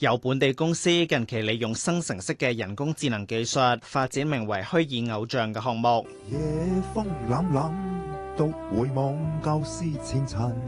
有本地公司近期利用生成式嘅人工智能技術，發展名為虛擬偶像嘅項目。都回望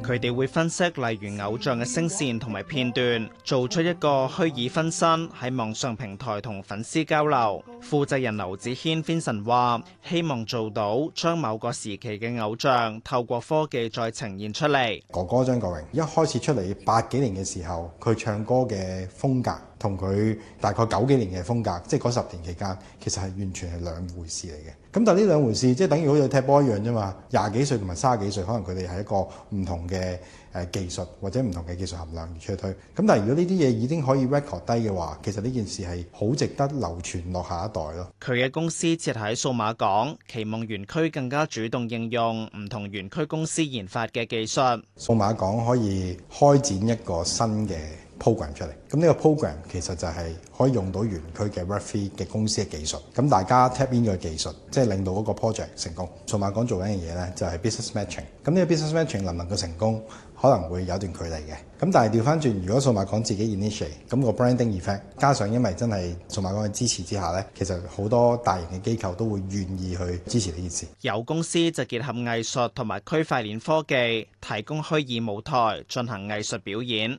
佢哋會分析，例如偶像嘅聲線同埋片段，做出一個虛擬分身喺網上平台同粉絲交流。負責人劉子軒 Vincent 話，希望做到將某個時期嘅偶像透過科技再呈現出嚟。哥哥張國榮一開始出嚟八幾年嘅時候，佢唱歌嘅風格。同佢大概九幾年嘅風格，即係嗰十年期間，其實係完全係兩回事嚟嘅。咁但係呢兩回事，即係等於好似踢波一樣啫嘛。廿幾歲同埋卅幾歲，可能佢哋係一個唔同嘅誒技術或者唔同嘅技術含量而出去推。咁但係如果呢啲嘢已經可以 record 低嘅話，其實呢件事係好值得流傳落下一代咯。佢嘅公司設喺數碼港，期望園區更加主動應用唔同園區公司研發嘅技術。數碼港可以開展一個新嘅。program 出嚟，咁呢個 program 其實就係可以用到園區嘅 refi 嘅公司嘅技術。咁大家 tap in 個技術，即係令到嗰個 project 成功。數碼港做緊嘅嘢呢，就係 business matching。咁呢個 business matching 能唔能夠成功，可能會有段距離嘅。咁但係調翻轉，如果數碼港自己 initiate，咁個 branding effect 加上，因為真係數碼港嘅支持之下呢，其實好多大型嘅機構都會願意去支持呢件事。有公司就結合藝術同埋區塊鏈科技，提供虛擬舞台進行藝術表演。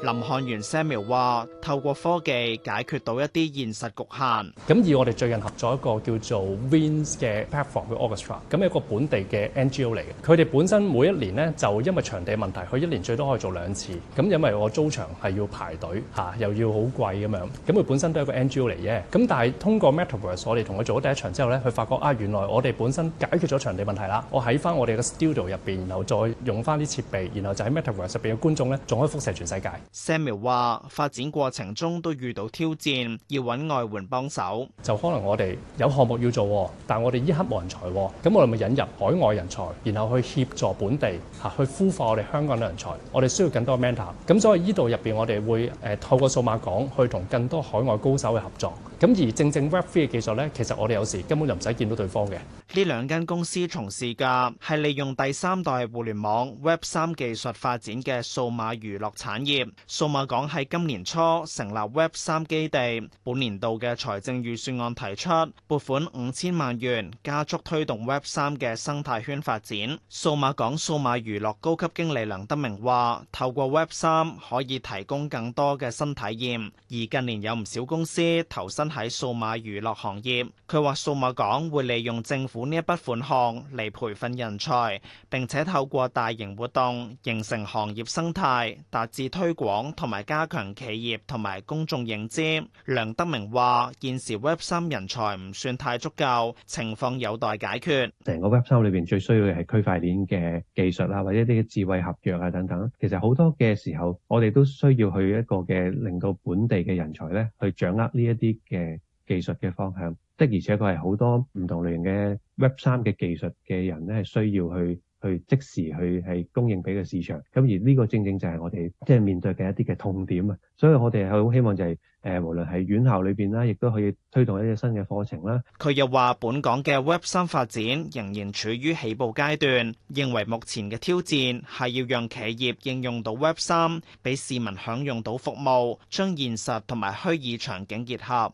林漢源 Samuel 話：透過科技解決到一啲現實局限。咁而我哋最近合作一個叫做 Wins 嘅 platform 嘅 Orchestra，咁一個本地嘅 NGO 嚟嘅。佢哋本身每一年呢，就因為場地問題，佢一年最多可以做兩次。咁因為我租場係要排隊嚇，又要好貴咁樣。咁佢本身都係一個 NGO 嚟嘅。咁但係通過 Metaverse，我哋同佢做咗第一場之後呢，佢發覺啊，原來我哋本身解決咗場地問題啦。我喺翻我哋嘅 studio 入面，然後再用翻啲設備，然後就喺 Metaverse 入面嘅觀眾呢，仲可以輻射全世界。Samuel 話：發展過程中都遇到挑戰，要揾外援幫手。就可能我哋有項目要做，但我哋依刻冇人才，咁我哋咪引入海外人才，然後去協助本地，吓去孵化我哋香港嘅人才。我哋需要更多 mentor。咁所以依度入邊，我哋會誒透過數碼港去同更多海外高手嘅合作。咁而正正 Web3 嘅技術咧，其實我哋有時根本就唔使見到對方嘅。呢兩間公司從事嘅係利用第三代互聯網 Web 三技術發展嘅數碼娛樂產業。數碼港喺今年初成立 Web 三基地，本年度嘅財政預算案提出撥款五千萬元，加速推動 Web 三嘅生態圈發展。數碼港數碼娛樂高級經理梁德明話，透過 Web 三可以提供更多嘅新體驗，而近年有唔少公司投身。喺數碼娛樂行業，佢話數碼港會利用政府呢一筆款項嚟培訓人才，並且透過大型活動形成行業生態，達至推廣同埋加強企業同埋公眾認知。梁德明話：現時 Web 三人才唔算太足夠，情況有待解決。成個 Web 三裏邊最需要嘅係區塊鏈嘅技術啊，或者一啲嘅智慧合約啊等等。其實好多嘅時候，我哋都需要去一個嘅令到本地嘅人才咧去掌握呢一啲嘅誒，技術嘅方向，的而且佢係好多唔同類型嘅 Web 三嘅技術嘅人咧，係需要去去即時去係供應俾個市場。咁而呢個正正就係我哋即係面對嘅一啲嘅痛點啊。所以我哋係好希望就係、是、誒，無論係院校裏邊啦，亦都可以推動一啲新嘅課程啦。佢又話，本港嘅 Web 三發展仍然處於起步階段，認為目前嘅挑戰係要讓企業應用到 Web 三，俾市民享用到服務，將現實同埋虛擬場景結合。